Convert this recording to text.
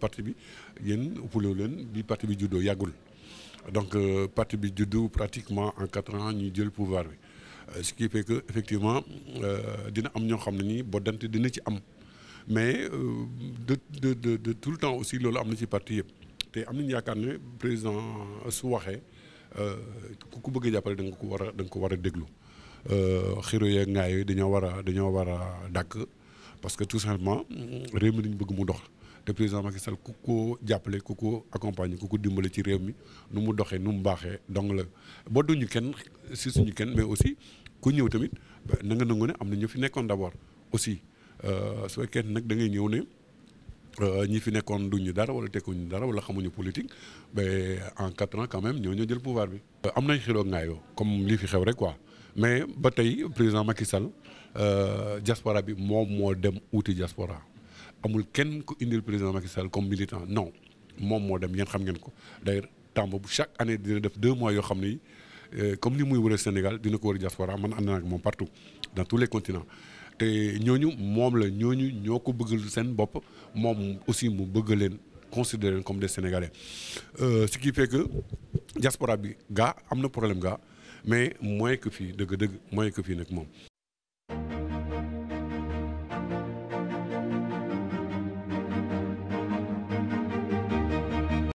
parti bi yéen ëppalewu leen bi parti bi juddoo yagul donc euh, parti bi judo pratiquement en quatre ans ñu jël pouvoir bi euh, ce qui fait que effectivement euh, dina am ñoo xamni ne nii boddante dina ci am mais de de de de tout le temps aussi lolu amna ci parti yeb té amna nañu yaakaar ne président su euh ku ko bëgg jappalé jàppale da nga ko wara a da nga ko wara déglu euh xiro yeeg ngaay yooyu wara war wara dak parce que tout simplement réew mi ñu bëgg mu dox. te président Macky Sall ku ko jàppale ku ko accompagner ku ko dimbale ci réew mi nu mu doxee nu mu baaxee donc la boo duñu kenn si suñu kenn mais aussi ku ñëw tamit na nga nangu ne am na ñu fi nekkoon d'abord aussi euh, su kenn nag da ngay ñëw ne euh, ñi fi nekkoon duñu dara wala tekkuñu dara wala xamuñu politique ba en quatre ans quand même ñoo ñoo jël pouvoir bi. Euh, am nañ xiloo ngaayoo comme lii fi xew rek quoi mais ba tey président Macky Sall diaspora bi moom moo dem wuti diaspora. amul kenn ku indil président Macky Sall comme militant non mom moo dem yéen xam ngeen ko d'ailleurs temps chaque année dina def deux mois yo xam euh, comme ni muy wër Sénégal dina ko wër diaspora man ànd naa ak partout dans tous les continents té ñoñu mom la ñoñu ñoo ko bëggal seen bopp moom aussi mu bëgg leen considérer comme des Sénégalais euh, ce qui fait que diaspora bi ga amna problème ga mais moins que fi deug deug moins que fi nak mom